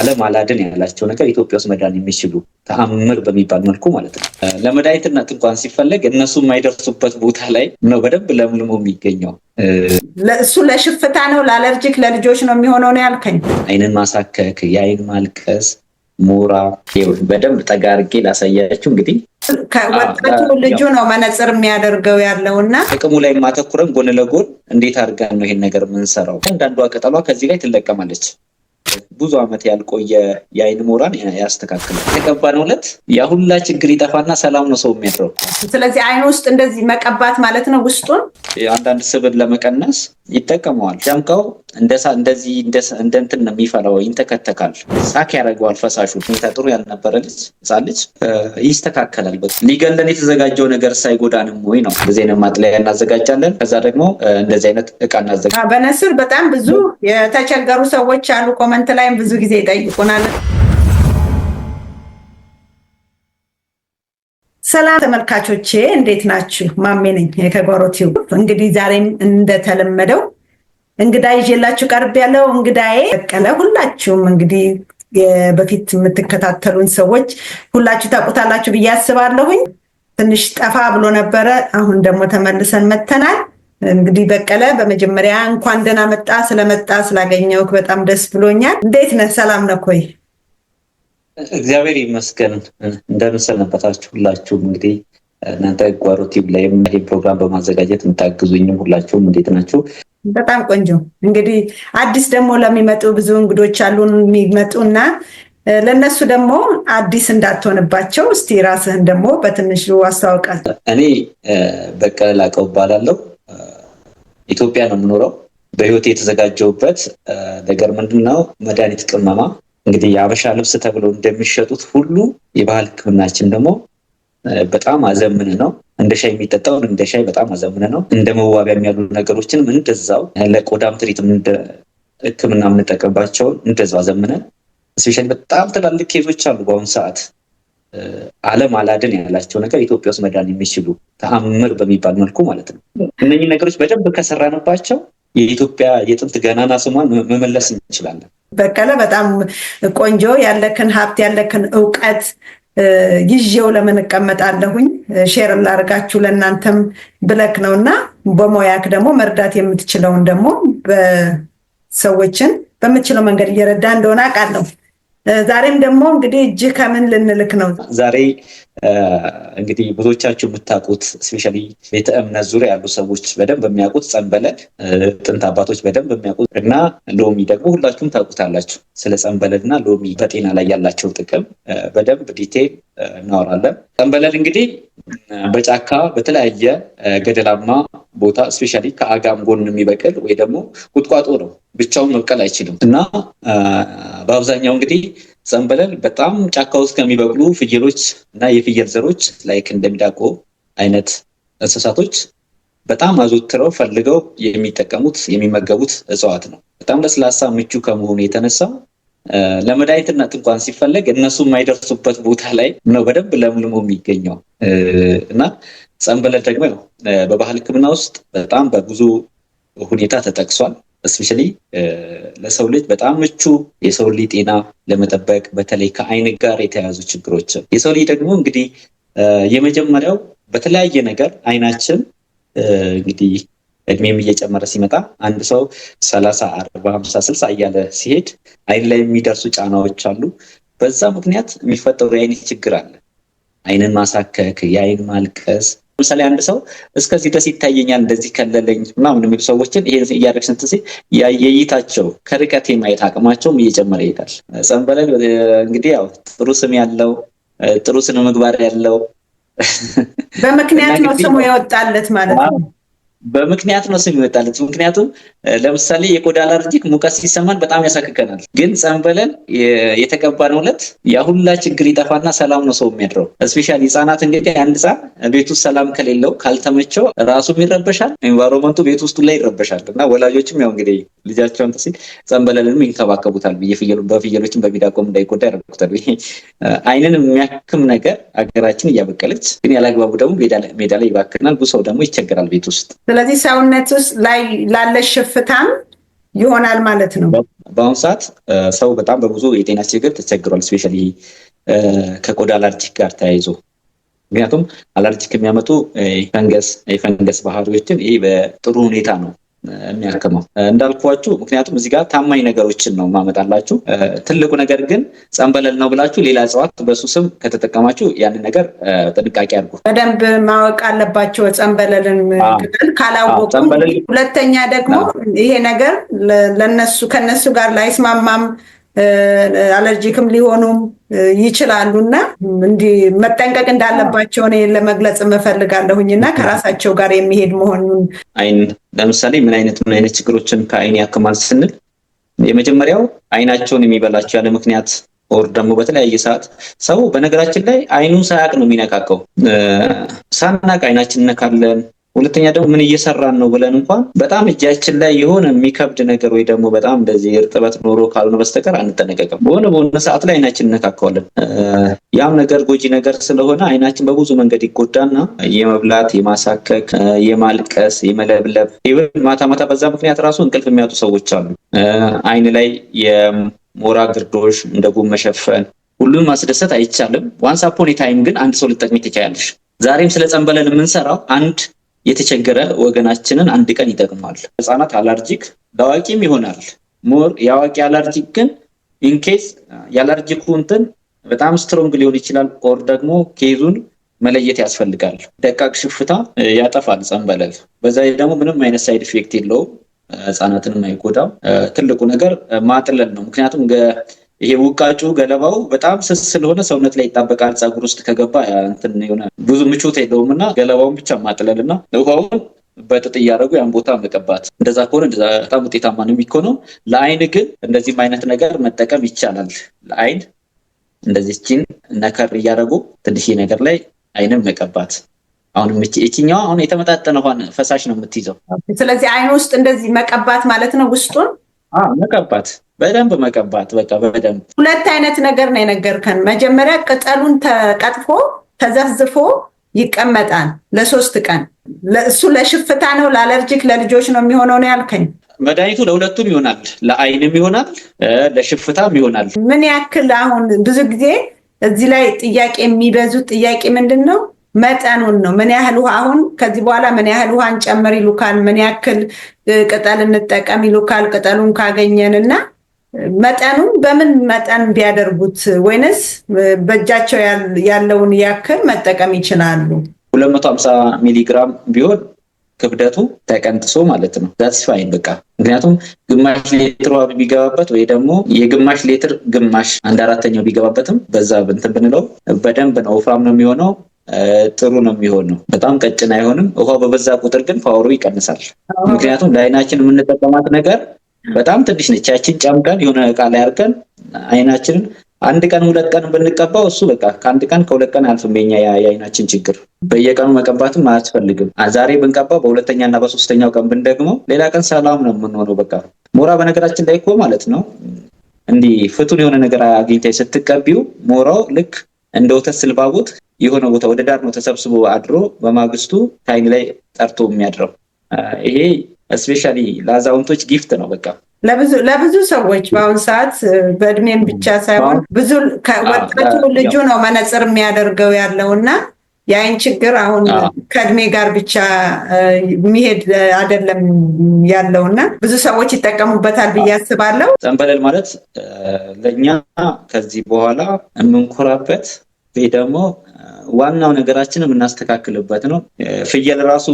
ዓለም አላድን ያላቸው ነገር ኢትዮጵያ ውስጥ መዳን የሚችሉ ተአምር በሚባል መልኩ ማለት ነው። ለመድኃኒትነት እንኳን ሲፈለግ እነሱ የማይደርሱበት ቦታ ላይ ነው በደንብ ለምልሞ የሚገኘው። እሱ ለሽፍታ ነው፣ ለአለርጂክ ለልጆች ነው የሚሆነው ነው ያልከኝ። አይንን ማሳከክ፣ የአይን ማልቀስ፣ ሞራ በደንብ ጠጋርጌ ላሳያችሁ እንግዲህ ወጣቱ ልጁ ነው መነጽር የሚያደርገው ያለው እና ጥቅሙ ላይ ማተኩረን ጎን ለጎን እንዴት አድርገን ነው ይሄን ነገር የምንሰራው። አንዳንዷ ቅጠሏ ከዚህ ላይ ትለቀማለች። ብዙ ዓመት ያልቆየ የአይን ሞራን ያስተካክላል። የተቀባነው ዕለት ያ ሁላ ችግር ይጠፋና ሰላም ነው ሰው የሚያድረው። ስለዚህ አይን ውስጥ እንደዚህ መቀባት ማለት ነው። ውስጡን አንዳንድ ስብን ለመቀነስ ይጠቀመዋል። ጨምቀው እንደዚህ እንደ እንትን ነው የሚፈላው፣ ይንተከተካል፣ ሳክ ያደርገዋል ፈሳሹ። ሁኔታ ጥሩ ያልነበረ ልጅ ሕፃን ልጅ ይስተካከላል። ሊገለን የተዘጋጀው ነገር ሳይጎዳንም ወይ ነው። እንደዚህ አይነት ማጥለያ እናዘጋጃለን። ከዛ ደግሞ እንደዚህ አይነት እቃ እናዘጋ። በነስር በጣም ብዙ የተቸገሩ ሰዎች አሉ ኮመንት ላይ ላይም ብዙ ጊዜ ይጠይቁናል። ሰላም ተመልካቾቼ እንዴት ናችሁ? ማሜ ነኝ ከጓሮ ቲዩብ። እንግዲህ ዛሬም እንደተለመደው እንግዳ ይዤላችሁ ቀርብ ያለው እንግዳዬ በቀለ። ሁላችሁም እንግዲህ በፊት የምትከታተሉን ሰዎች ሁላችሁ ታውቁታላችሁ ብዬ አስባለሁኝ። ትንሽ ጠፋ ብሎ ነበረ። አሁን ደግሞ ተመልሰን መተናል። እንግዲህ በቀለ በመጀመሪያ እንኳን ደህና መጣ። ስለመጣ ስላገኘው በጣም ደስ ብሎኛል። እንዴት ነህ? ሰላም ነህ? ኮይ እግዚአብሔር ይመስገን። እንደምን ሰነበታችሁ ሁላችሁም? እንግዲህ እናንተ ጓሮ ቲቪ ላይ ይህ ፕሮግራም በማዘጋጀት የምታግዙኝም ሁላችሁም እንዴት ናችሁ? በጣም ቆንጆ። እንግዲህ አዲስ ደግሞ ለሚመጡ ብዙ እንግዶች አሉን የሚመጡ እና ለእነሱ ደግሞ አዲስ እንዳትሆንባቸው እስቲ ራስህን ደግሞ በትንሹ አስተዋውቃል። እኔ በቀለ ላቀው እባላለሁ ኢትዮጵያ ነው የምኖረው። በህይወት የተዘጋጀውበት ነገር ምንድን ነው? መድኃኒት ቅመማ። እንግዲህ የአበሻ ልብስ ተብለው እንደሚሸጡት ሁሉ የባህል ህክምናችን ደግሞ በጣም አዘምን ነው። እንደ ሻይ የሚጠጣውን እንደ ሻይ በጣም አዘምን ነው። እንደ መዋቢያም ያሉ ነገሮችንም እንደዛው ለቆዳም ትሪት ህክምና የምንጠቀምባቸውን እንደዛው አዘምነን ስፔሻሊ በጣም ትላልቅ ኬዞች አሉ በአሁኑ ሰዓት ዓለም አላድን ያላቸው ነገር ኢትዮጵያ ውስጥ መዳን የሚችሉ ተአምር በሚባል መልኩ ማለት ነው። እነኚህ ነገሮች በደንብ ከሰራንባቸው የኢትዮጵያ የጥንት ገናና ስሟን መመለስ እንችላለን። በቀለ በጣም ቆንጆ ያለክን ሀብት ያለክን እውቀት ይዤው ለምን እቀመጣለሁኝ ሼር ላርጋችሁ ለእናንተም ብለክ ነው እና በሞያክ ደግሞ መርዳት የምትችለውን ደግሞ ሰዎችን በምትችለው መንገድ እየረዳ እንደሆነ አውቃለሁ። ዛሬም ደግሞ እንግዲህ እጅህ ከምን ልንልክ ነው? ዛሬ እንግዲህ ብዙዎቻችሁ የምታውቁት እስፔሻሊ ቤተ እምነት ዙሪያ ያሉ ሰዎች በደንብ የሚያውቁት ጸንበለ ጥንት አባቶች በደንብ የሚያውቁት እና ሎሚ ደግሞ ሁላችሁም ታውቁታላችሁ። ስለ ጸንበለል እና ሎሚ በጤና ላይ ያላቸው ጥቅም በደንብ ዲቴል እናወራለን። ጸንበለል እንግዲህ በጫካ በተለያየ ገደላማ ቦታ እስፔሻሊ ከአጋም ጎን የሚበቅል ወይ ደግሞ ቁጥቋጦ ነው፣ ብቻውን መብቀል አይችልም እና በአብዛኛው እንግዲህ ዘንበለል በጣም ጫካ ውስጥ ከሚበቅሉ ፍየሎች እና የፍየል ዘሮች ላይክ እንደሚዳቆ አይነት እንስሳቶች በጣም አዘውትረው ፈልገው የሚጠቀሙት የሚመገቡት እጽዋት ነው። በጣም ለስላሳ ምቹ ከመሆኑ የተነሳ ለመድኃኒትነት እንኳን ሲፈለግ እነሱ የማይደርሱበት ቦታ ላይ ነው በደንብ ለምልሞ የሚገኘው እና ጸንበለል ደግሞ በባህል ሕክምና ውስጥ በጣም በብዙ ሁኔታ ተጠቅሷል። እስፔሻሊ eh, ለሰው ልጅ በጣም ምቹ የሰው ልጅ ጤና ለመጠበቅ በተለይ ከአይን ጋር የተያያዙ ችግሮችን የሰው ልጅ ደግሞ እንግዲህ eh, የመጀመሪያው በተለያየ ነገር አይናችን eh, እንግዲህ እድሜም እየጨመረ ሲመጣ አንድ ሰው ሰላሳ አርባ ሀምሳ ስልሳ እያለ ሲሄድ አይን ላይ የሚደርሱ ጫናዎች አሉ። በዛ ምክንያት የሚፈጠሩ የአይን ችግር አለ። አይንን ማሳከክ፣ የአይን ማልቀስ ለምሳሌ አንድ ሰው እስከዚህ ድረስ ይታየኛል እንደዚህ ከለለኝ ምናምን የሚሉ ሰዎችን ይሄን እያደረግ ስንት ጊዜ የእይታቸው ከርቀት የማየት አቅማቸውም እየጨመረ ይሄዳል። ጸንበለል እንግዲህ ያው ጥሩ ስም ያለው ጥሩ ስነ ምግባር ያለው በምክንያት ነው ስሙ ይወጣለት ማለት ነው። በምክንያት ነው ስም ይወጣለት። ምክንያቱም ለምሳሌ የቆዳ አለርጂክ ሙቀት ሲሰማን በጣም ያሳክከናል። ግን ጸንበለን የተቀባን ዕለት ያሁላ ችግር ይጠፋና ሰላም ነው ሰው የሚያድረው። እስፔሻሊ ህጻናት እንግዲህ አንድ ህጻን ቤት ውስጥ ሰላም ከሌለው ካልተመቸው ራሱም ይረበሻል፣ ኤንቫይሮመንቱ ቤት ውስጡ ላይ ይረበሻል። እና ወላጆችም ያው እንግዲህ ልጃቸውን ሲል ጸንበለልንም ይንከባከቡታል። በፍየሎችን በሚዳቆም እንዳይጎዳ ያደረጉታል። አይንን የሚያክም ነገር አገራችን እያበቀለች ግን ያላግባቡ ደግሞ ሜዳ ላይ ይባክናል። ብዙ ሰው ደግሞ ይቸገራል ቤት ውስጥ ስለዚህ ሰውነት ውስጥ ላይ ላለሽ ከፍታም ይሆናል ማለት ነው። በአሁኑ ሰዓት ሰው በጣም በብዙ የጤና ችግር ተቸግሯል። ስፔሻሊ ከቆዳ አለርጂክ ጋር ተያይዞ ምክንያቱም አለርጂክ የሚያመጡ የፈንገስ ባህሪዎችን ይህ በጥሩ ሁኔታ ነው የሚያክመው እንዳልኳችሁ። ምክንያቱም እዚህ ጋር ታማኝ ነገሮችን ነው ማመጣላችሁ። ትልቁ ነገር ግን ጸንበለል ነው ብላችሁ ሌላ እጽዋት በሱ ስም ከተጠቀማችሁ ያንን ነገር ጥንቃቄ አድርጉ። በደንብ ማወቅ አለባቸው ጸንበለልን ካላወቁ። ሁለተኛ ደግሞ ይሄ ነገር ለነሱ ከነሱ ጋር ላይስማማም አለርጂክም ሊሆኑም ይችላሉ እና እንዲህ መጠንቀቅ እንዳለባቸው እኔ ለመግለጽ እፈልጋለሁኝ እና ከራሳቸው ጋር የሚሄድ መሆኑን አይን ለምሳሌ ምን አይነት ምን አይነት ችግሮችን ከአይን ያክማል ስንል የመጀመሪያው አይናቸውን የሚበላቸው ያለ ምክንያት ኦር ደግሞ በተለያየ ሰዓት ሰው በነገራችን ላይ አይኑን ሳያቅ ነው የሚነካከው። ሳናቅ አይናችን እነካለን ሁለተኛ ደግሞ ምን እየሰራን ነው ብለን እንኳን በጣም እጃችን ላይ የሆነ የሚከብድ ነገር ወይ ደግሞ በጣም እንደዚህ እርጥበት ኖሮ ካልሆነ በስተቀር አንጠነቀቅም። በሆነ በሆነ ሰዓት ላይ አይናችን እነካከዋለን። ያም ነገር ጎጂ ነገር ስለሆነ አይናችን በብዙ መንገድ ይጎዳና የመብላት፣ የማሳከክ፣ የማልቀስ፣ የመለብለብ ኢቨን ማታ ማታ በዛ ምክንያት ራሱ እንቅልፍ የሚያጡ ሰዎች አሉ። አይን ላይ የሞራ ግርዶሽ እንደ ጉም መሸፈን ሁሉን ማስደሰት አይቻልም። ዋንስ አፖን ታይም ግን አንድ ሰው ልጠቅሚ ትችያለሽ። ዛሬም ስለ ጸንበለን የምንሰራው አንድ የተቸገረ ወገናችንን አንድ ቀን ይጠቅማል። ህፃናት አላርጂክ ለአዋቂም ይሆናል። ሞር የአዋቂ አላርጂክ ግን ኢንኬስ የአላርጂኩ እንትን በጣም ስትሮንግ ሊሆን ይችላል። ኦር ደግሞ ኬዙን መለየት ያስፈልጋል። ደቃቅ ሽፍታ ያጠፋል ጸንበለል። በዛ ደግሞ ምንም አይነት ሳይድ ኢፌክት የለውም። ህፃናትንም አይጎዳም። ትልቁ ነገር ማጥለል ነው። ምክንያቱም ይሄ ውቃጩ ገለባው በጣም ስስ ስለሆነ ሰውነት ላይ ይጣበቃል። ፀጉር ውስጥ ከገባ እንትን የሆነ ብዙ ምቾት የለውም እና ገለባውን ብቻ ማጥለል እና ውሃውን በጥጥ እያደረጉ ያን ቦታ መቀባት። እንደዛ ከሆነ በጣም ውጤታማ ነው የሚኮነው። ለአይን ግን እንደዚህም አይነት ነገር መጠቀም ይቻላል። ለአይን እንደዚችን ነከር እያደረጉ ትንሽ ነገር ላይ አይንም መቀባት አሁን እችኛዋ አሁን የተመጣጠነ ፈሳሽ ነው የምትይዘው። ስለዚህ አይን ውስጥ እንደዚህ መቀባት ማለት ነው ውስጡን መቀባት በደንብ መቀባት በቃ በደንብ ሁለት አይነት ነገር ነው የነገርከን። መጀመሪያ ቅጠሉን ተቀጥፎ ተዘፍዝፎ ይቀመጣል ለሶስት ቀን። እሱ ለሽፍታ ነው ለአለርጂክ ለልጆች ነው የሚሆነው ነው ያልከኝ። መድኃኒቱ ለሁለቱም ይሆናል፣ ለአይንም ይሆናል፣ ለሽፍታም ይሆናል። ምን ያክል አሁን ብዙ ጊዜ እዚህ ላይ ጥያቄ የሚበዙት ጥያቄ ምንድን ነው መጠኑን ነው። ምን ያህል ውሃ አሁን ከዚህ በኋላ ምን ያህል ውሃ እንጨምር ይሉካል፣ ምን ያክል ቅጠል እንጠቀም ይሉካል። ቅጠሉን ካገኘን እና መጠኑን በምን መጠን ቢያደርጉት ወይንስ በእጃቸው ያለውን ያክል መጠቀም ይችላሉ? 250 ሚሊግራም ቢሆን ክብደቱ ተቀንጥሶ ማለት ነው። ዛትስፋይን በቃ ምክንያቱም ግማሽ ሌትር ውሃ ቢገባበት ወይ ደግሞ የግማሽ ሌትር ግማሽ አንድ አራተኛው ቢገባበትም በዛ እንትን ብንለው በደንብ ነው ወፍራም ነው የሚሆነው። ጥሩ ነው የሚሆነው። በጣም ቀጭን አይሆንም። ውሃ በበዛ ቁጥር ግን ፓወሩ ይቀንሳል። ምክንያቱም ለአይናችን የምንጠቀማት ነገር በጣም ትንሽ ነች። ያችን ጨምቀን የሆነ እቃ ላይ አድርገን አይናችንን አንድ ቀን ሁለት ቀን ብንቀባው እሱ በቃ ከአንድ ቀን ከሁለት ቀን አልፍም። የኛ የአይናችን ችግር በየቀኑ መቀባትም አያስፈልግም። ዛሬ ብንቀባ በሁለተኛ እና በሶስተኛው ቀን ብንደግመው ሌላ ቀን ሰላም ነው የምንሆነው። በቃ ሞራ በነገራችን ላይ እኮ ማለት ነው እንዲህ ፍቱን የሆነ ነገር አግኝታይ ስትቀቢው ሞራው ልክ እንደ ወተት ስልባቡት የሆነ ቦታ ወደ ዳር ነው ተሰብስቦ አድሮ በማግስቱ ታይን ላይ ጠርቶ የሚያድረው ይሄ እስፔሻሊ ለአዛውንቶች ጊፍት ነው። በቃ ለብዙ ሰዎች በአሁን ሰዓት በእድሜም ብቻ ሳይሆን ብዙ ወጣቱ ልጁ ነው መነጽር የሚያደርገው ያለው እና የአይን ችግር አሁን ከእድሜ ጋር ብቻ የሚሄድ አይደለም ያለው እና ብዙ ሰዎች ይጠቀሙበታል ብዬ አስባለሁ። ጠንበለል ማለት ለእኛ ከዚህ በኋላ የምንኮራበት ይህ ደግሞ ዋናው ነገራችን የምናስተካክልበት ነው። ፍየል ራሱ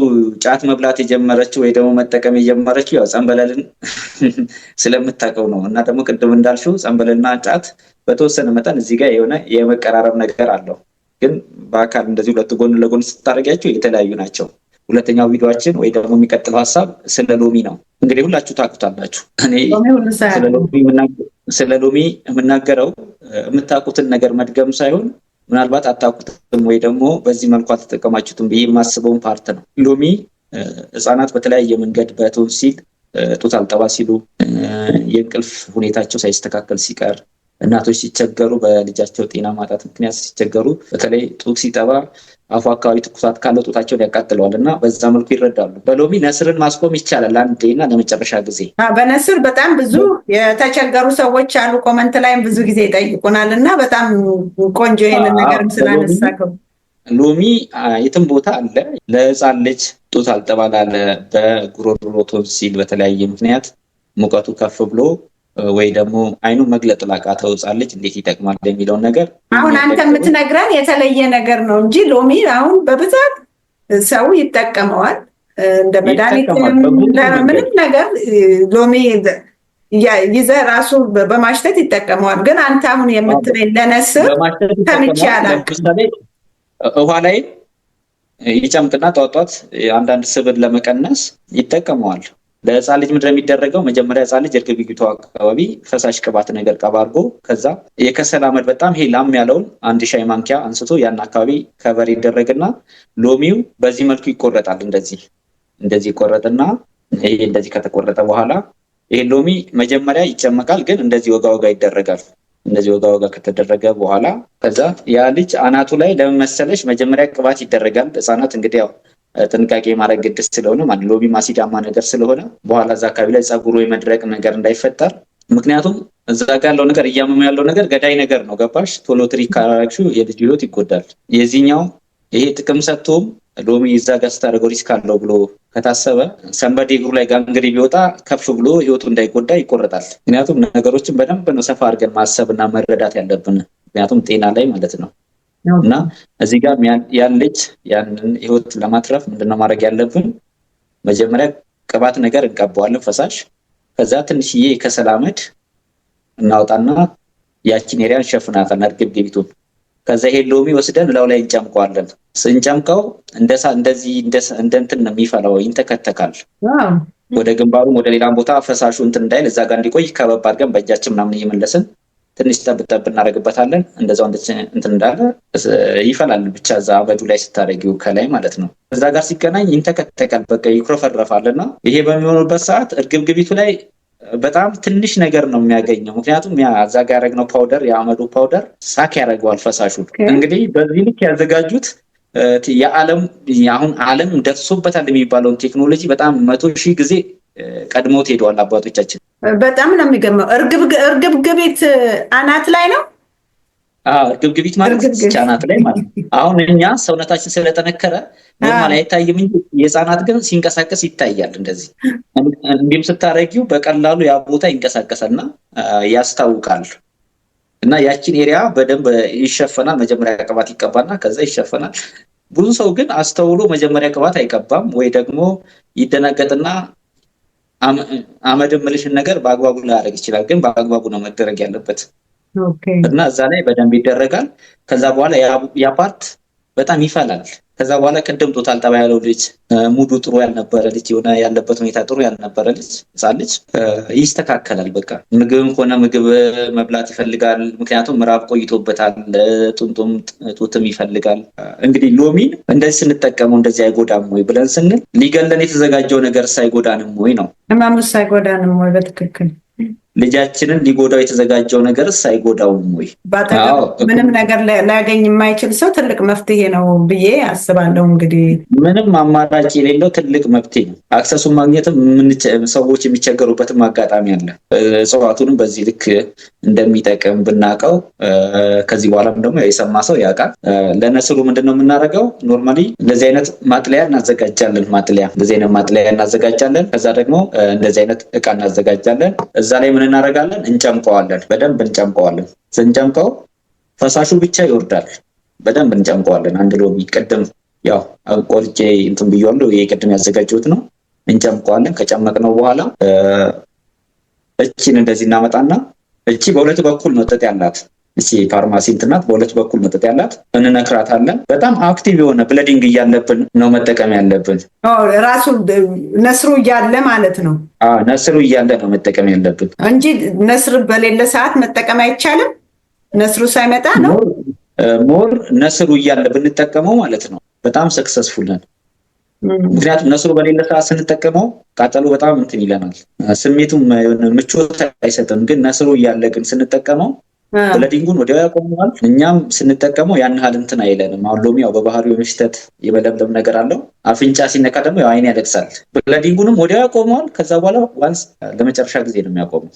ጫት መብላት የጀመረችው ወይ ደግሞ መጠቀም የጀመረችው ያው ጸንበለልን ስለምታውቀው ነው። እና ደግሞ ቅድም እንዳልሽው ጸንበለልና ጫት በተወሰነ መጠን እዚህ ጋር የሆነ የመቀራረብ ነገር አለው። ግን በአካል እንደዚህ ሁለቱ ጎን ለጎን ስታደርጊያቸው የተለያዩ ናቸው። ሁለተኛው ቪዲዮችን ወይ ደግሞ የሚቀጥለው ሀሳብ ስለ ሎሚ ነው። እንግዲህ ሁላችሁ ታውቁታላችሁ። እኔ ስለ ሎሚ የምናገረው የምታውቁትን ነገር መድገም ሳይሆን ምናልባት አታውቁትም ወይ ደግሞ በዚህ መልኩ አልተጠቀማችሁትም ብዬ የማስበውን ፓርት ነው። ሎሚ ህጻናት በተለያየ መንገድ በቶንሲል ጡት አልጠባ ሲሉ የእንቅልፍ ሁኔታቸው ሳይስተካከል ሲቀር እናቶች ሲቸገሩ በልጃቸው ጤና ማጣት ምክንያት ሲቸገሩ በተለይ ጡት ሲጠባ አፉ አካባቢ ትኩሳት ካለ ጡታቸውን ያቃጥለዋል እና በዛ መልኩ ይረዳሉ። በሎሚ ነስርን ማስቆም ይቻላል። ና ለመጨረሻ ጊዜ በነስር በጣም ብዙ የተቸገሩ ሰዎች አሉ። ኮመንት ላይም ብዙ ጊዜ ይጠይቁናል እና በጣም ቆንጆ ይህንን ነገርም ስላነሳከው ሎሚ የትም ቦታ አለ። ለህፃን ልጅ ጡት አልጠባላለ በጉሮሮ ቶንሲል በተለያየ ምክንያት ሙቀቱ ከፍ ብሎ ወይ ደግሞ አይኑ መግለጥ ላቃተው ሕፃን ልጅ እንዴት ይጠቅማል የሚለውን ነገር አሁን አንተ የምትነግረን የተለየ ነገር ነው እንጂ ሎሚ አሁን በብዛት ሰው ይጠቀመዋል እንደ መድኃኒት ምንም ነገር ሎሚ ይዘ ራሱ በማሽተት ይጠቀመዋል። ግን አንተ አሁን የምትለኝ ለነስር ከምቻላል አላውቅም። ውሃ ላይ ይጨምቅና ጧጧት አንዳንድ ስብን ለመቀነስ ይጠቀመዋል። ለህፃን ልጅ ምድር የሚደረገው? መጀመሪያ ህፃን ልጅ እርግብግቷ አካባቢ ፈሳሽ ቅባት ነገር ቀባርጎ ከዛ የከሰል አመድ በጣም ይሄ ላም ያለውን አንድ ሻይ ማንኪያ አንስቶ ያን አካባቢ ከበር ይደረግና ሎሚው በዚህ መልኩ ይቆረጣል። እንደዚህ እንደዚህ ይቆረጥና ይሄ እንደዚህ ከተቆረጠ በኋላ ይሄ ሎሚ መጀመሪያ ይጨመቃል፣ ግን እንደዚህ ወጋ ወጋ ይደረጋል። እንደዚህ ወጋ ወጋ ከተደረገ በኋላ ከዛ ያ ልጅ አናቱ ላይ ለመመሰለሽ መጀመሪያ ቅባት ይደረጋል። ህፃናት እንግዲህ ያው ጥንቃቄ ማድረግ ግድ ስለሆነ ማለት ሎሚ ማሲዳማ ነገር ስለሆነ በኋላ እዛ አካባቢ ላይ ጸጉሩ የመድረቅ ነገር እንዳይፈጠር ምክንያቱም እዛ ጋር ያለው ነገር እያመመ ያለው ነገር ገዳይ ነገር ነው። ገባሽ? ቶሎ ትሪት ካላረግሽው የልጅ ህይወት ይጎዳል። የዚህኛው ይሄ ጥቅም ሰጥቶም ሎሚ እዛ ጋር ስታደርገው ሪስክ አለው ብሎ ከታሰበ ሰንበዴ እግሩ ላይ ጋንግሪ ቢወጣ ከፍ ብሎ ህይወቱ እንዳይጎዳ ይቆረጣል። ምክንያቱም ነገሮችን በደንብ ነው ሰፋ አድርገን ማሰብ እና መረዳት ያለብን፣ ምክንያቱም ጤና ላይ ማለት ነው። እና እዚህ ጋር ያለች ልጅ ያንን ህይወት ለማትረፍ ምንድነው ማድረግ ያለብን? መጀመሪያ ቅባት ነገር እንቀባዋለን ፈሳሽ። ከዛ ትንሽዬ የከሰል አመድ እናወጣና ያችን ኤሪያን ሸፍናታል፣ እርግብ ግቢቱን። ከዛ ይሄን ሎሚ ወስደን ላው ላይ እንጨምቀዋለን። ስንጨምቀው እንደዚህ እንደ እንትን ነው የሚፈላው፣ ይንተከተካል ወደ ግንባሩም ወደ ሌላም ቦታ ፈሳሹ እንትን እንዳይል እዛ ጋር እንዲቆይ ከበብ አድርገን በእጃችን ምናምን እየመለስን ትንሽ ጠብጠብ እናደርግበታለን። እንደዛው እንትን እንዳለ ይፈላል። ብቻ እዛ አበዱ ላይ ስታደረጊው ከላይ ማለት ነው። እዛ ጋር ሲገናኝ ይንተከተቀል በቃ ይኩረፈረፋል። እና ይሄ በሚሆኑበት ሰዓት እርግብግቢቱ ላይ በጣም ትንሽ ነገር ነው የሚያገኘው። ምክንያቱም ያ እዛ ጋር ያደረግነው ፓውደር የአመዱ ፓውደር ሳክ ያደረገዋል ፈሳሹ። እንግዲህ በዚህ ልክ ያዘጋጁት የዓለም አሁን ዓለም ደርሶበታል የሚባለውን ቴክኖሎጂ በጣም መቶ ሺህ ጊዜ ቀድሞት ሄደዋል አባቶቻችን። በጣም ነው የሚገርመው። እርግብግቢት አናት ላይ ነው እርግብግቢት ማለት ህጻናት ላይ ማለት ነው። አሁን እኛ ሰውነታችን ስለጠነከረ ኖርማል አይታይም እንጂ የህፃናት ግን ሲንቀሳቀስ ይታያል። እንደዚህ እንዲህም ስታረጊው በቀላሉ ያ ቦታ ይንቀሳቀሳልና ያስታውቃል። እና ያችን ኤሪያ በደንብ ይሸፈናል። መጀመሪያ ቅባት ይቀባና ከዛ ይሸፈናል። ብዙ ሰው ግን አስተውሎ መጀመሪያ ቅባት አይቀባም ወይ ደግሞ ይደናገጥና አመድ ምልሽን ነገር በአግባቡ ላያደረግ ይችላል፣ ግን በአግባቡ ነው መደረግ ያለበት እና እዛ ላይ በደንብ ይደረጋል። ከዛ በኋላ ያ ፓርት በጣም ይፈላል። ከዛ በኋላ ቅድም ጦታል ጠባ ያለው ልጅ ሙዱ ጥሩ ያልነበረ ልጅ የሆነ ያለበት ሁኔታ ጥሩ ያልነበረ ልጅ ህፃን ልጅ ይስተካከላል። በቃ ምግብም ከሆነ ምግብ መብላት ይፈልጋል። ምክንያቱም ምዕራብ ቆይቶበታል። ጡንጡም ጡትም ይፈልጋል። እንግዲህ ሎሚን እንደዚህ ስንጠቀመው እንደዚህ አይጎዳም ወይ ብለን ስንል ሊገለን የተዘጋጀው ነገር ሳይጎዳንም ወይ ነው ህመሙ ሳይጎዳንም ወይ በትክክል ልጃችንን ሊጎዳው የተዘጋጀው ነገር ሳይጎዳውም ወይ ምንም ነገር ሊያገኝ የማይችል ሰው ትልቅ መፍትሄ ነው ብዬ አስባለሁ። እንግዲህ ምንም አማራጭ የሌለው ትልቅ መፍትሄ ነው። አክሰሱን ማግኘትም ሰዎች የሚቸገሩበትም አጋጣሚ አለ። እጽዋቱንም በዚህ ልክ እንደሚጠቅም ብናውቀው ከዚህ በኋላም ደግሞ የሰማ ሰው ያውቃል። ለነስሉ ምንድን ነው የምናደርገው? ኖርማሊ እንደዚህ አይነት ማጥለያ እናዘጋጃለን። ማጥለያ እንደዚህ አይነት ማጥለያ እናዘጋጃለን። ከዛ ደግሞ እንደዚህ አይነት እቃ እናዘጋጃለን። እዛ ላይ ምን እናደርጋለን? እንጨምቀዋለን። በደንብ እንጨምቀዋለን። ስንጨምቀው ፈሳሹ ብቻ ይወርዳል። በደንብ እንጨምቀዋለን። አንድ ሎሚ ቅድም ያው ቆልጬ እንትን ብያለሁ። ይሄ ቅድም ያዘጋጀሁት ነው። እንጨምቀዋለን። ከጨመቅነው በኋላ እቺን እንደዚህ እናመጣና እቺ በሁለት በኩል መጠጥ ያላት እ ፋርማሲ እንትናት በሁለት በኩል መጠጥ ያላት እንነክራታለን። በጣም አክቲቭ የሆነ ብለዲንግ እያለብን ነው መጠቀም ያለብን። ራሱ ነስሩ እያለ ማለት ነው። ነስሩ እያለ ነው መጠቀም ያለብን እንጂ ነስር በሌለ ሰዓት መጠቀም አይቻልም። ነስሩ ሳይመጣ ነው ሞር ነስሩ እያለ ብንጠቀመው ማለት ነው በጣም ሰክሰስፉል ነን። ምክንያቱም ነስሩ በሌለ ሰዓት ስንጠቀመው ቃጠሎ በጣም እንትን ይለናል፣ ስሜቱም ምቾት አይሰጥም። ግን ነስሩ እያለ ግን ስንጠቀመው ብለዲንጉን ወዲያው ያቆመዋል። እኛም ስንጠቀመው ያን ያህል እንትን አይለንም። አሁን ሎሚ ያው በባህሪው የመሽተት የመለምለም ነገር አለው። አፍንጫ ሲነካ ደግሞ ያው አይን ያለቅሳል። ብለዲንጉንም ወዲያው ያቆመዋል። ከዛ በኋላ ዋንስ ለመጨረሻ ጊዜ ነው የሚያቆመው።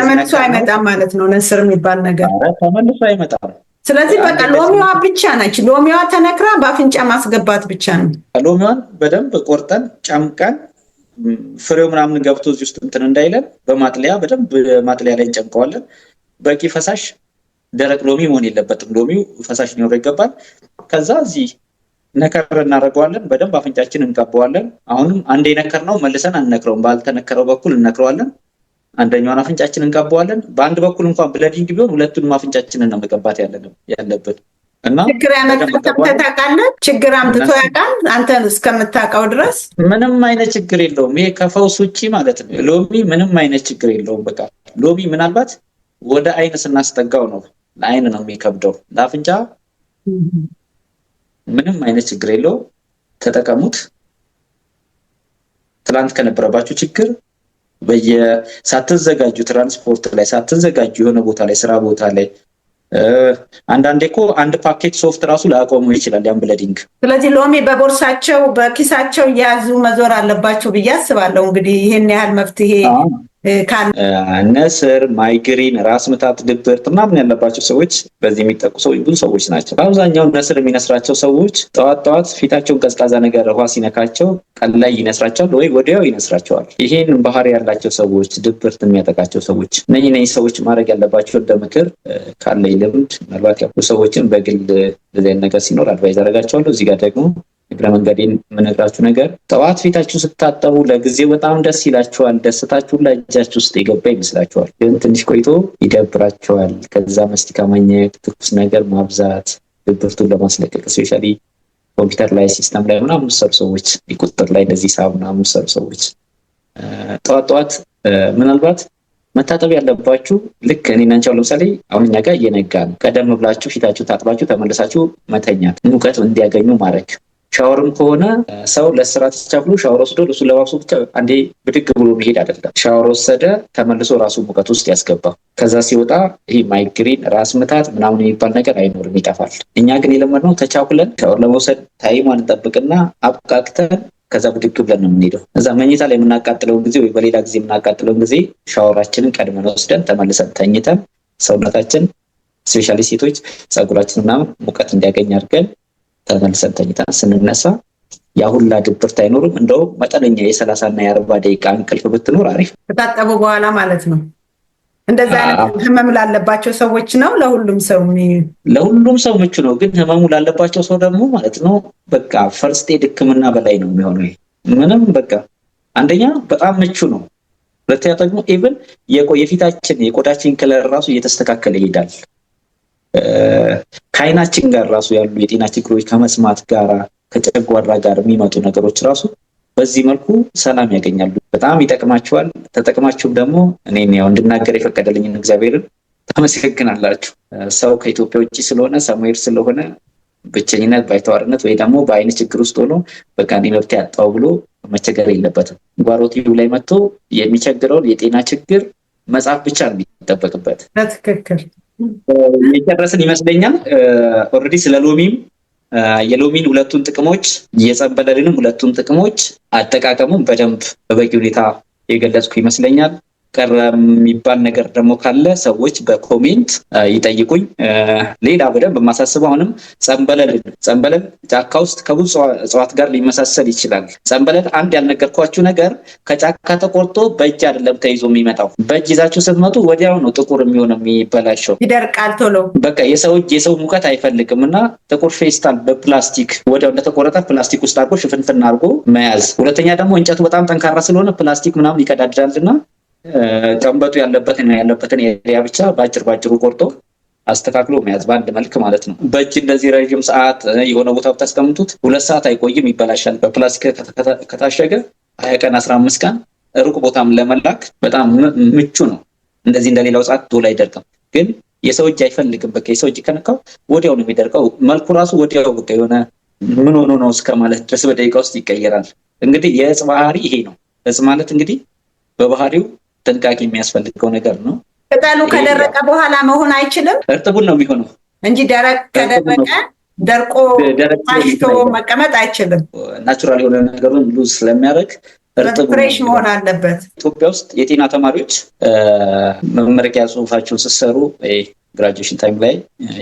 ተመልሶ አይመጣም ማለት ነው። ነስር የሚባል ነገር ተመልሶ አይመጣም። ስለዚህ በቃ ሎሚዋ ብቻ ነች። ሎሚዋ ተነክራ በአፍንጫ ማስገባት ብቻ ነው። ሎሚዋን በደንብ ቆርጠን ጨምቀን ፍሬው ምናምን ገብቶ እዚህ ውስጥ እንትን እንዳይለን በማጥለያ በደንብ ማጥለያ ላይ እንጨምቀዋለን። በቂ ፈሳሽ፣ ደረቅ ሎሚ መሆን የለበትም። ሎሚው ፈሳሽ ሊኖረው ይገባል። ከዛ እዚህ ነከር እናደርገዋለን። በደንብ አፍንጫችን እንቀበዋለን። አሁንም አንዴ ነከር ነው መልሰን አንነክረውም። ባልተነከረው በኩል እነክረዋለን። አንደኛውን አፍንጫችን እንቀበዋለን። በአንድ በኩል እንኳን ብለዲንግ ቢሆን ሁለቱንም አፍንጫችንን ነው መቀባት ያለብን። እና ችግር ችግር አምጥቶ ያውቃል። አንተ እስከምታውቀው ድረስ ምንም አይነት ችግር የለውም። ይሄ ከፈውስ ውጭ ማለት ነው። ሎሚ ምንም አይነት ችግር የለውም። በቃ ሎሚ ምናልባት ወደ አይን ስናስጠጋው ነው ለአይን ነው የሚከብደው። ለአፍንጫ ምንም አይነት ችግር የለው፣ ተጠቀሙት። ትላንት ከነበረባችሁ ችግር ሳትዘጋጁ ትራንስፖርት ላይ ሳትዘጋጁ የሆነ ቦታ ላይ ስራ ቦታ ላይ አንዳንዴ እኮ አንድ ፓኬት ሶፍት ራሱ ላያቆሙ ይችላል ያን ብለዲንግ። ስለዚህ ሎሚ በቦርሳቸው በኪሳቸው እየያዙ መዞር አለባቸው ብዬ አስባለሁ። እንግዲህ ይህን ያህል መፍትሄ ነስር፣ ማይግሪን፣ ራስ ምታት፣ ድብርት ምናምን ያለባቸው ሰዎች በዚህ የሚጠቁ ሰዎች ብዙ ሰዎች ናቸው። በአብዛኛው ነስር የሚነስራቸው ሰዎች ጠዋት ጠዋት ፊታቸውን ቀዝቃዛ ነገር ውሃ ሲነካቸው ቀን ላይ ይነስራቸዋል ወይ ወዲያው ይነስራቸዋል። ይህን ባህሪ ያላቸው ሰዎች፣ ድብርት የሚያጠቃቸው ሰዎች እነዚህ ነኝ ሰዎች ማድረግ ያለባቸው እንደ ምክር ካለኝ ልምድ ምናልባት ያው ሰዎችን በግል እንደዚህ ነገር ሲኖር አድቫይዝ አደርጋቸዋለሁ። እዚህ ጋር ደግሞ እግረ መንገዴን የምነግራችሁ ነገር ጠዋት ፊታችሁ ስታጠቡ ለጊዜው በጣም ደስ ይላችኋል። ደስታችሁ ላይ ውስጥ የገባ ይመስላችኋል፣ ግን ትንሽ ቆይቶ ይደብራችኋል። ከዛ መስቲካ ማኘክ፣ ትኩስ ነገር ማብዛት ድብርቱን ለማስለቀቅ ስፔሻሊ ኮምፒውተር ላይ ሲስተም ላይ ምናምን የምትሰሩ ሰዎች ቁጥር ላይ እንደዚህ ሳብ ምናምን የምትሰሩ ሰዎች ጠዋት ጠዋት ምናልባት መታጠብ ያለባችሁ ልክ እኔ አንቺ ለምሳሌ አሁን እኛ ጋር እየነጋ ነው። ቀደም ብላችሁ ፊታችሁ ታጥባችሁ ተመልሳችሁ መተኛት ሙቀት እንዲያገኙ ማድረግ ሻወርም ከሆነ ሰው ለስራ ተቻኩሎ ሻወር ወስዶ ልብሱን ለባብሶ ብቻ አንዴ ብድግ ብሎ መሄድ አይደለም። ሻወር ወሰደ፣ ተመልሶ ራሱ ሙቀት ውስጥ ያስገባ። ከዛ ሲወጣ ይህ ማይግሪን፣ ራስ ምታት ምናምን የሚባል ነገር አይኖርም፣ ይጠፋል። እኛ ግን የለመድነው ተቻኩለን ሻወር ለመውሰድ ታይም አንጠብቅና አብቃቅተን ከዛ ብድግ ብለን ነው የምንሄደው። እዛ መኝታ ላይ የምናቃጥለውን ጊዜ ወይ በሌላ ጊዜ የምናቃጥለውን ጊዜ ሻወራችንን ቀድመን ወስደን ተመልሰን ተኝተን ሰውነታችን ስፔሻሊ ሴቶች ጸጉራችን ምናምን ሙቀት እንዲያገኝ አድርገን ተመልሰን ተኝታ ስንነሳ ያ ሁላ ድብርት አይኖርም። እንደውም መጠነኛ የሰላሳ እና የአርባ ደቂቃ እንቅልፍ ብትኖር አሪፍ። ከታጠቡ በኋላ ማለት ነው። እንደዛ አይነት ህመም ላለባቸው ሰዎች ነው። ለሁሉም ሰው ለሁሉም ሰው ምቹ ነው። ግን ህመሙ ላለባቸው ሰው ደግሞ ማለት ነው በቃ ፈርስት ኤድ ህክምና በላይ ነው የሚሆነው። ምንም በቃ አንደኛ በጣም ምቹ ነው። ሁለተኛ ደግሞ ኢቨን የፊታችን የቆዳችን ክለር ራሱ እየተስተካከለ ይሄዳል። ከአይናችን ጋር ራሱ ያሉ የጤና ችግሮች ከመስማት ጋር ከጨጓራ ጋር የሚመጡ ነገሮች ራሱ በዚህ መልኩ ሰላም ያገኛሉ። በጣም ይጠቅማችኋል። ተጠቅማችሁም ደግሞ እኔ ያው እንድናገር የፈቀደልኝን እግዚአብሔርን ታመሰግናላችሁ። ሰው ከኢትዮጵያ ውጭ ስለሆነ ሰሙኤል ስለሆነ ብቸኝነት፣ ባይተዋርነት ወይ ደግሞ በአይን ችግር ውስጥ ሆኖ በቃ እኔ መብት ያጣው ብሎ መቸገር የለበትም። ጓሮ ቲቪ ላይ መጥቶ የሚቸግረውን የጤና ችግር መጽሐፍ ብቻ ነው የሚጠበቅበት። በትክክል የጨረስን ይመስለኛል። ኦልሬዲ ስለ ሎሚም የሎሚን ሁለቱን ጥቅሞች የጸበለልንም ሁለቱን ጥቅሞች አጠቃቀሙን በደንብ በበቂ ሁኔታ የገለጽኩ ይመስለኛል። ቀረ የሚባል ነገር ደግሞ ካለ ሰዎች በኮሜንት ይጠይቁኝ። ሌላ በደንብ የማሳስበው አሁንም ጸንበለል ጸንበለል ጫካ ውስጥ ከብዙ እጽዋት ጋር ሊመሳሰል ይችላል። ጸንበለል አንድ ያልነገርኳችሁ ነገር ከጫካ ተቆርጦ በእጅ አይደለም ተይዞ የሚመጣው። በእጅ ይዛችሁ ስትመጡ ወዲያው ነው ጥቁር የሚሆነው የሚበላሸው፣ ይደርቃል ቶሎ። በቃ የሰው እጅ የሰው ሙቀት አይፈልግም እና ጥቁር ፌስታል በፕላስቲክ ወዲያው እንደተቆረጠ ፕላስቲክ ውስጥ አድርጎ ሽፍንፍና አድርጎ መያዝ። ሁለተኛ ደግሞ እንጨቱ በጣም ጠንካራ ስለሆነ ፕላስቲክ ምናምን ይቀዳድዳልና ጨንበጡ ያለበትን ያለበትን ኤሪያ ብቻ በአጭር ባጭሩ ቆርጦ አስተካክሎ መያዝ በአንድ መልክ ማለት ነው። በእጅ እንደዚህ ረዥም ሰዓት የሆነ ቦታ ብታስቀምጡት ሁለት ሰዓት አይቆይም፣ ይበላሻል። በፕላስቲክ ከታሸገ ሀያ ቀን አስራ አምስት ቀን ሩቅ ቦታም ለመላክ በጣም ምቹ ነው። እንደዚህ እንደሌላው ሰዓት ቶሎ አይደርቅም፣ ግን የሰው እጅ አይፈልግም። በቃ የሰው እጅ ከነካው ወዲያው ነው የሚደርቀው። መልኩ ራሱ ወዲያው በቃ የሆነ ምን ሆኖ ነው እስከ ማለት ድረስ በደቂቃ ውስጥ ይቀየራል። እንግዲህ የእጽ ባህሪ ይሄ ነው። እጽ ማለት እንግዲህ በባህሪው ጥንቃቄ የሚያስፈልገው ነገር ነው። ቅጠሉ ከደረቀ በኋላ መሆን አይችልም። እርጥቡን ነው የሚሆነው እንጂ ደረቅ ከደረቀ ደርቆ ማሽቶ መቀመጥ አይችልም። ናቹራል የሆነ ነገሩን ሉዝ ስለሚያደርግ ፍሬሽ መሆን አለበት። ኢትዮጵያ ውስጥ የጤና ተማሪዎች መመረቂያ ጽሁፋቸውን ስትሰሩ ግራጁዌሽን ታይም ላይ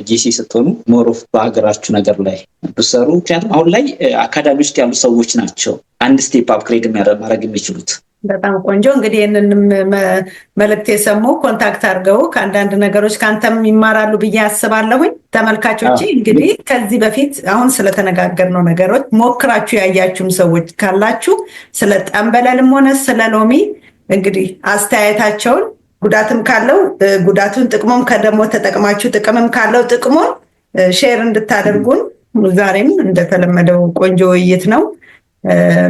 ጂሲ ስትሆኑ ሞሮፍ በሀገራችሁ ነገር ላይ ብሰሩ ምክንያቱም አሁን ላይ አካዳሚ ውስጥ ያሉ ሰዎች ናቸው አንድ ስቴፕ አፕግሬድ ማድረግ የሚችሉት በጣም ቆንጆ እንግዲህ ይህንንም መልእክት የሰሙ ኮንታክት አድርገው ከአንዳንድ ነገሮች ከአንተም ይማራሉ ብዬ አስባለሁኝ። ተመልካቾች እንግዲህ ከዚህ በፊት አሁን ስለተነጋገርነው ነገሮች ሞክራችሁ ያያችሁም ሰዎች ካላችሁ ስለ ጠንበለልም ሆነ ስለ ሎሚ እንግዲህ አስተያየታቸውን ጉዳትም ካለው ጉዳቱን፣ ጥቅሙም ከደግሞ ተጠቅማችሁ ጥቅምም ካለው ጥቅሙን ሼር እንድታደርጉን ዛሬም እንደተለመደው ቆንጆ ውይይት ነው።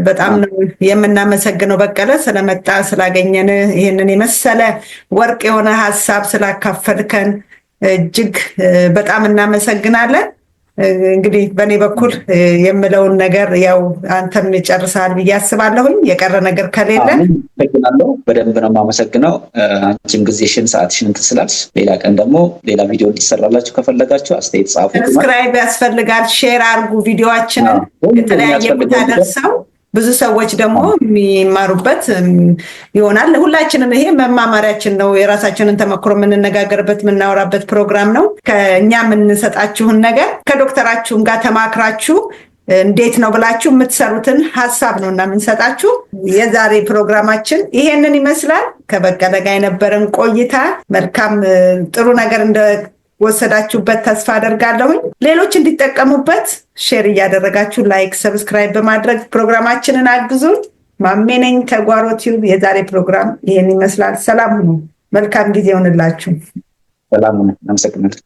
በጣም ነው የምናመሰግነው በቀለ ስለመጣ ስላገኘን ይህንን የመሰለ ወርቅ የሆነ ሀሳብ ስላካፈልከን እጅግ በጣም እናመሰግናለን። እንግዲህ በእኔ በኩል የምለውን ነገር ያው አንተም ጨርሰሃል ብዬ አስባለሁኝ። የቀረ ነገር ከሌለ አመሰግናለሁ። በደንብ ነው የማመሰግነው። አንቺም ጊዜሽን ሰዓትሽን እንትን ስላልሽ፣ ሌላ ቀን ደግሞ ሌላ ቪዲዮ እንዲሰራላችሁ ከፈለጋችሁ አስተያየት ጻፉ። ሰብስክራይብ ያስፈልጋል። ሼር አርጉ ቪዲዮችንን የተለያየ ቦታ ደርሰው ብዙ ሰዎች ደግሞ የሚማሩበት ይሆናል። ሁላችንም ይሄ መማማሪያችን ነው። የራሳችንን ተመክሮ የምንነጋገርበት የምናወራበት ፕሮግራም ነው። ከእኛ የምንሰጣችሁን ነገር ከዶክተራችሁም ጋር ተማክራችሁ እንዴት ነው ብላችሁ የምትሰሩትን ሀሳብ ነው እና የምንሰጣችሁ። የዛሬ ፕሮግራማችን ይሄንን ይመስላል። ከበቀለ ጋር የነበረን ቆይታ መልካም ጥሩ ነገር ወሰዳችሁበት ተስፋ አደርጋለሁኝ። ሌሎች እንዲጠቀሙበት ሼር እያደረጋችሁ ላይክ፣ ሰብስክራይብ በማድረግ ፕሮግራማችንን አግዙን። ማሜነኝ ከጓሮ ቲዩብ የዛሬ ፕሮግራም ይህን ይመስላል። ሰላም ሁኑ። መልካም ጊዜ ይሆንላችሁ። ሰላም ሁኑ። አመሰግናለሁ።